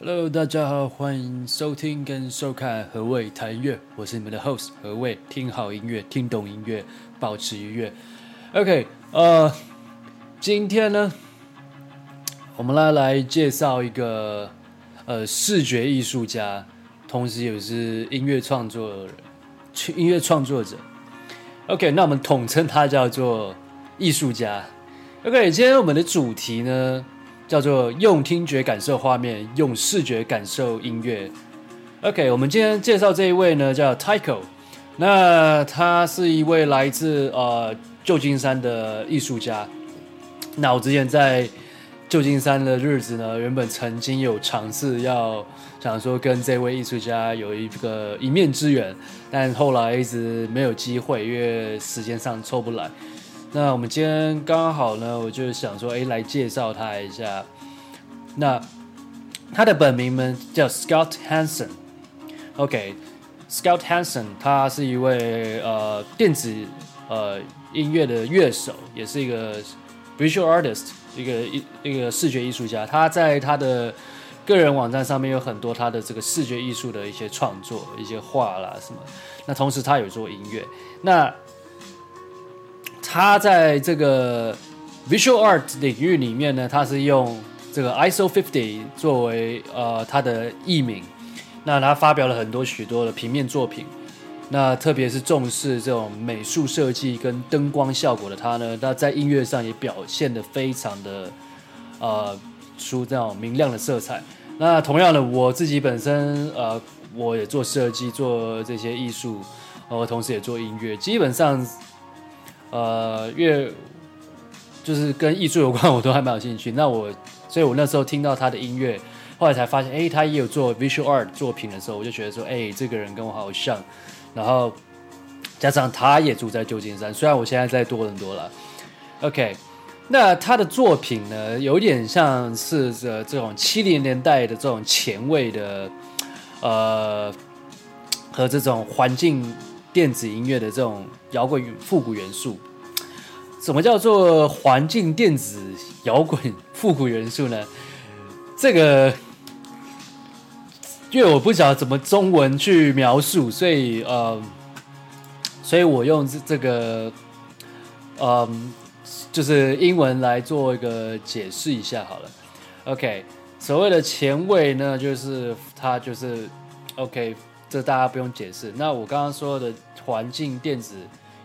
Hello，大家好，歡迎收聽跟收看何謂談樂，我是你們的 host 何謂，聽好音樂，聽懂音樂，保持愉悅。OK，呃，今天呢，我們來來介紹一個呃視覺藝術家，同時也是音樂創作人、音樂創作者。OK，那我們統稱他叫做藝術家。OK，今天我們的主題呢？叫做用聽覺感受畫面，用視覺感受音樂。OK，我們今天介紹這一位呢，叫 Tycho。那他是一位來自呃舊金山的藝術家。那我之前在舊金山的日子呢，原本曾經有嘗試要想說跟這位藝術家有一個一面之緣，但後來一直沒有機會，因為時間上湊不來。那我們今天剛好呢，我就想說，哎，來介紹他一下。那他的本名呢叫 Scott Hansen。OK，Scott Hansen，他是一位呃電子呃音樂的樂手，也是一個 visual artist，一個一一個視覺藝術家。他在他的個人網站上面有很多他的這個視覺藝術的一些創作，一些畫啦什麼。那同時他有做音樂。那他在這個 visual art 領域裡面呢，他是用這個 ISO50 作為呃他的藝名。那他發表了很多許多的平面作品。那特別是重視這種美術設計跟燈光效果的他呢，他在音樂上也表現得非常的呃出這種明亮的色彩。那同樣的，我自己本身呃，我也做設計，做這些藝術，然後、呃、同時也做音樂，基本上。呃，越就是跟藝術有關，我都還蠻有興趣。那我，所以我那時候聽到他的音樂，後來才發現，哎，他也有做 visual art 作品的時候，我就覺得說，哎，這個人跟我好像。然後加上他也住在舊金山，雖然我現在在多倫多了。OK，那他的作品呢，有點像是這這種七零年代的這種前衛的，呃，和這種環境。電子音樂的這種搖滾復古元素，什麼叫做環境電子搖滾復古元素呢？這個，因為我不曉得怎麼中文去描述，所以呃、嗯，所以我用這個，嗯，就是英文來做一個解釋一下好了。OK，所謂的前衛呢，就是他就是 OK。這大家不用解釋。那我剛剛說的環境電子、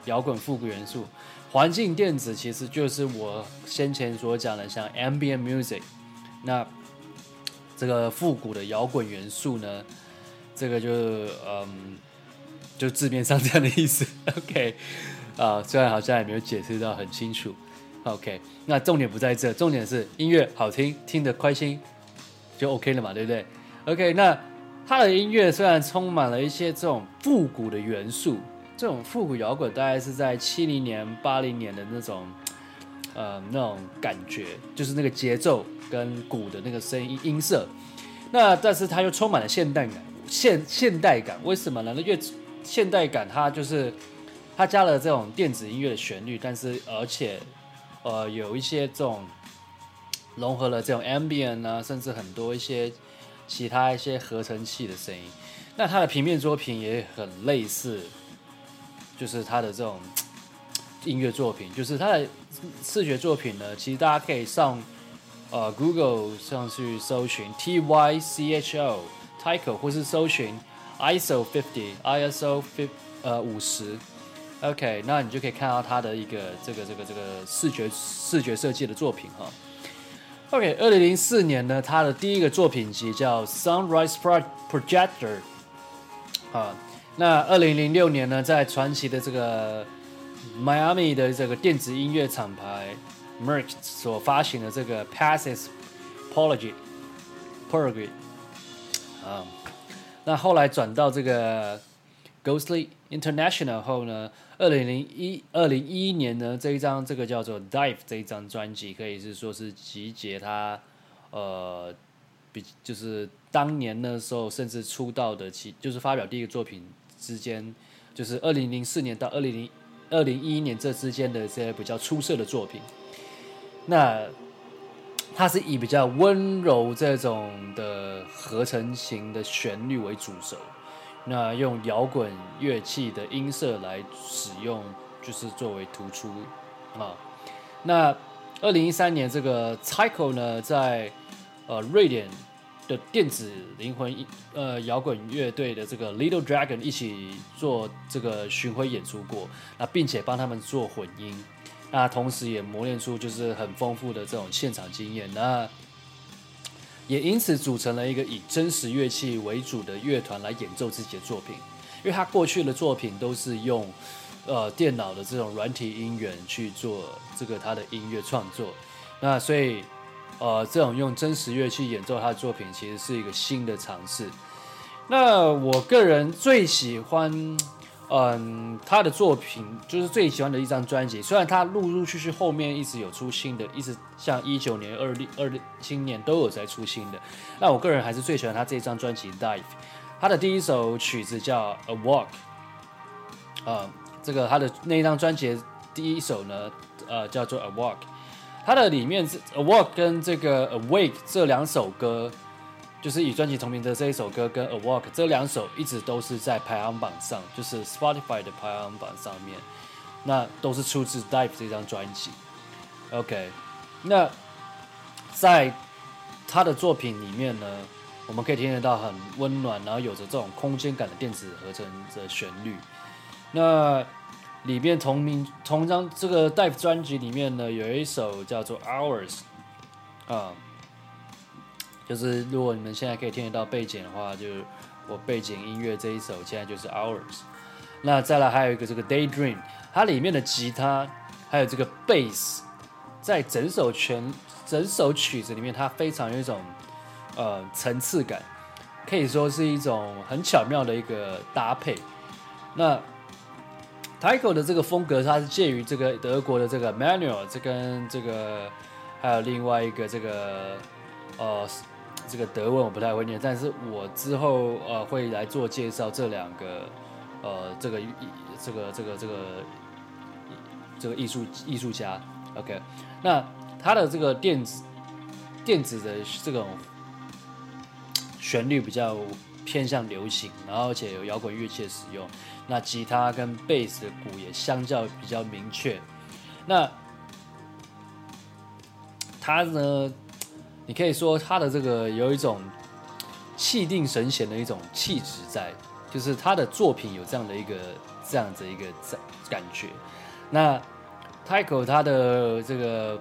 搖滾復古元素，環境電子其實就是我先前所講的像 ambient music。那這個復古的搖滾元素呢，這個就是嗯，就字面上這樣的意思。OK，啊，雖然好像也沒有解釋到很清楚。OK，那重點不在這，重點是音樂好聽，聽得開心就 OK 了嘛，對不對？OK，那。他的音樂雖然充滿了一些這種復古的元素，這種復古搖滾大概是在七零年、八零年的那種，呃，那種感覺，就是那個節奏跟鼓的那個聲音音色。那但是它又充滿了現代感，現現代感為什麼呢？因為現代感它就是它加了這種電子音樂的旋律，但是而且呃有一些這種融合了這種 ambient 啊，甚至很多一些。其他一些合成器的聲音，那它的平面作品也很類似，就是它的這種音樂作品，就是它的視覺作品呢。其實大家可以上呃 Google 上去搜尋 T Y C H O Tycho 或是搜尋 ISO fifty ISO fif 呃五十，OK，那你就可以看到它的一個這個這個這個視覺視覺設計的作品哈。OK，二零零四年呢，他的第一個作品集叫《Sunrise Projector》啊。那二零零六年呢，在傳奇的這個邁阿密的這個電子音樂廠牌 Merck 所發行的這個《Past Is Prologue Poly》啊。那後來轉到這個。Ghostly International 後呢，二零零一、二零一一年呢，這一張這個叫做《Dive》這一張專輯，可以是說是集結他呃，比就是當年那時候甚至出道的其，就是發表第一個作品之間，就是二零零四年到二零零二零一一年這之間的一些比較出色的作品。那它是以比較溫柔這種的合成型的旋律為主軸。那用搖滾樂器的音色來使用，就是作為突出啊。那二零一三年，這個 Tycho 呢，在、呃、瑞典的電子靈魂呃搖滾樂隊的這個 Little Dragon 一起做這個巡迴演出過，那並且幫他們做混音，那同時也磨練出就是很豐富的這種現場經驗那。也因此組成了一個以真實樂器為主的樂團來演奏自己的作品，因為他過去的作品都是用，呃，電腦的這種軟體音源去做這個他的音樂創作，那所以，呃，這種用真實樂器演奏他的作品其實是一個新的嘗試。那我個人最喜歡。嗯，他的作品就是最喜歡的一張專輯。雖然他陸陸續續後面一直有出新的，一直像一九年、二零二零、今年都有在出新的。那我個人還是最喜歡他這張專輯《Dive》。他的第一首曲子叫《A Walk》。嗯，這個他的那一張專輯第一首呢，呃，叫做《A Walk》。他的裡面是《A Walk》跟這個《Awake》這兩首歌。就是以專輯同名的這一首歌跟《A Walk》這兩首，一直都是在排行榜上，就是 Spotify 的排行榜上面，那都是出自《Dive》這張專輯。OK，那在他的作品裡面呢，我們可以聽得到很溫暖，然後有着這種空間感的電子合成的旋律。那裡面同名同張這個《Dive》專輯裡面呢，有一首叫做《Hours》啊。就是如果你們現在可以聽得到背景的話，就是我背景音樂這一首現在就是 Hours。那再來還有一個這個 Daydream，它裡面的吉他還有這個 Bass，在整首全整首曲子裡面，它非常有一種呃層次感，可以說是一種很巧妙的一個搭配。那 Tycho 的這個風格，它是介於這個德國的這個 Manuel 這跟這個還有另外一個這個呃。這個德文我不太會念，但是我之後呃會來做介紹這兩個呃這個這個這個這個這個藝術藝術家，OK。那他的這個電子電子的這種旋律比較偏向流行，然後而且有搖滾樂器的使用，那吉他跟貝斯的鼓也相較比較明確，那他呢？你可以說他的這個有一種氣定神閒的一種氣質在，就是他的作品有這樣的一個、這樣的一個在感覺。那 Tycho 他的這個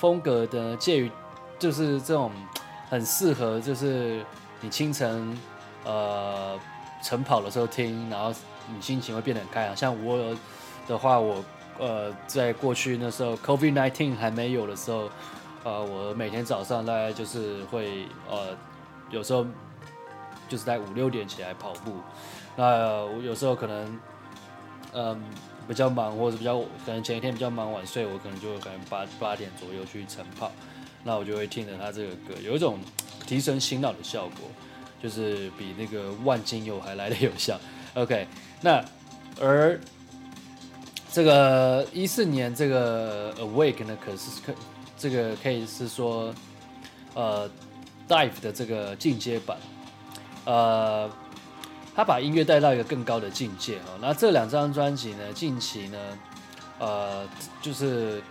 風格的介於，就是這種很適合，就是你清晨呃晨跑的時候聽，然後你心情會變得很開朗。像我的話，我呃在過去那時候 COVID-19 還沒有的時候。呃，我每天早上大概就是會呃，有時候就是在五六點起來跑步，那我、呃、有時候可能嗯、呃、比較忙，或者比較可能前一天比較忙晚睡，我可能就會可能八八點左右去晨跑，那我就會聽着他這個歌，有一種提神醒腦的效果，就是比那個萬金油還來得有效。OK，那而這個一四年這個 Awake 呢，可是可。這個可以是說，呃，Dive 的這個進階版，呃，他把音樂帶到一個更高的境界哈。那這兩張專輯呢，近期呢，呃，就是，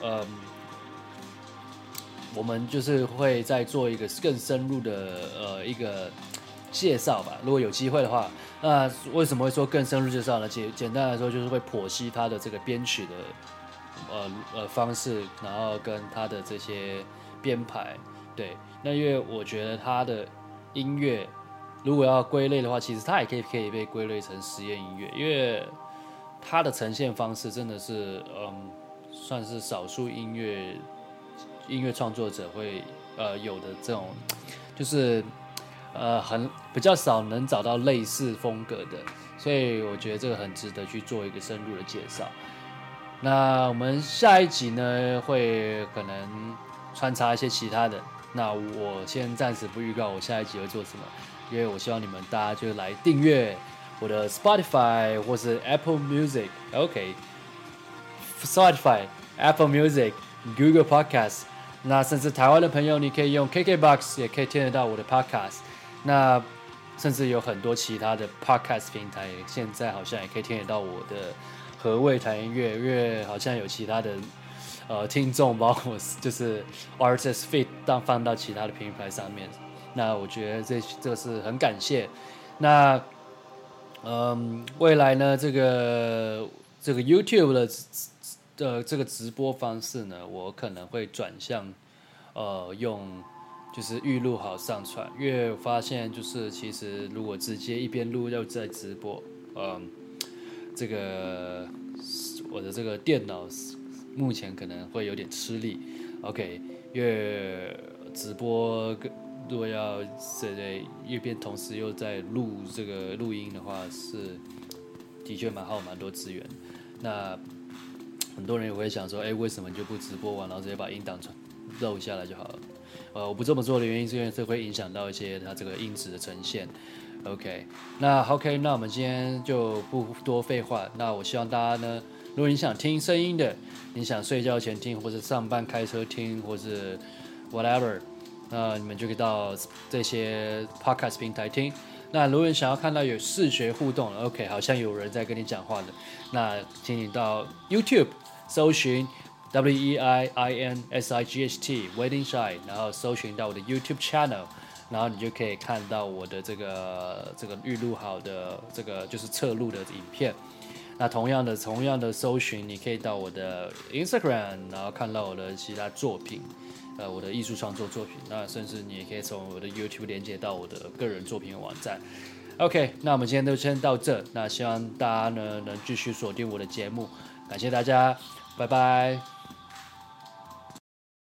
呃，我們就是會再做一個更深入的呃一個介紹吧。如果有機會的話，那為什麼會說更深入介紹呢？簡簡單來說，就是會剖析他的這個編曲的。呃呃方式，然後跟他的這些編排，對，那因為我覺得他的音樂如果要歸類的話，其實他也可以可以被歸類成實驗音樂，因為他的呈現方式真的是，嗯，算是少數音樂音樂創作者會呃有的這種，就是呃很比較少能找到類似風格的，所以我覺得這個很值得去做一個深入的介紹。那我們下一集呢，會可能穿插一些其他的。那我先暫時不預告我下一集要做什麼，因為我希望你們大家就來訂閱我的 Spotify 或是 Apple Music, okay, Spotify, Apple Music。OK，Spotify、Apple Music、Google Podcast，那甚至台灣的朋友，你可以用 KKBox 也可以聽得到我的 Podcast。那甚至有很多其他的 Podcast 平台，現在好像也可以聽得到我的。何未談音樂？因為好像有其他的呃聽眾，包括就是 Artist Fit 但放到其他的平台上面，那我覺得這這是很感謝。那嗯，未來呢，這個這個 YouTube 的的、呃、這個直播方式呢，我可能會轉向呃用就是預錄好上傳。因為我發現就是其實如果直接一邊錄又在直播，嗯。這個我的這個電腦目前可能會有點吃力，OK，因為直播如果要，對對，一邊同時又在錄這個錄音的話，是的確蠻耗蠻多資源。那很多人也會想說，哎，為什麼就不直播完，然後直接把音檔傳錄下來就好了？呃，我不這麼做的原因是，因為這會影響到一些它這個音質的呈現。OK，那 OK，那我們今天就不多廢話。那我希望大家呢，如果你想聽聲音的，你想睡覺前聽，或者上班開車聽，或者 whatever，那你們就可以到這些 podcast 平台聽。那如果你想要看到有視覺互動，OK，好像有人在跟你講話的，那請你到 YouTube 搜尋 W E I N S I G H T，Waiting Shine，然後搜尋到我的 YouTube channel。然後你就可以看到我的這個這個預錄好的這個就是側錄的影片。那同樣的同樣的搜尋，你可以到我的 Instagram，然後看到我的其他作品，呃，我的藝術創作作品。那甚至你也可以從我的 YouTube 連接到我的個人作品網站。OK，那我們今天就先到這。那希望大家呢能繼續鎖定我的節目，感謝大家，拜拜。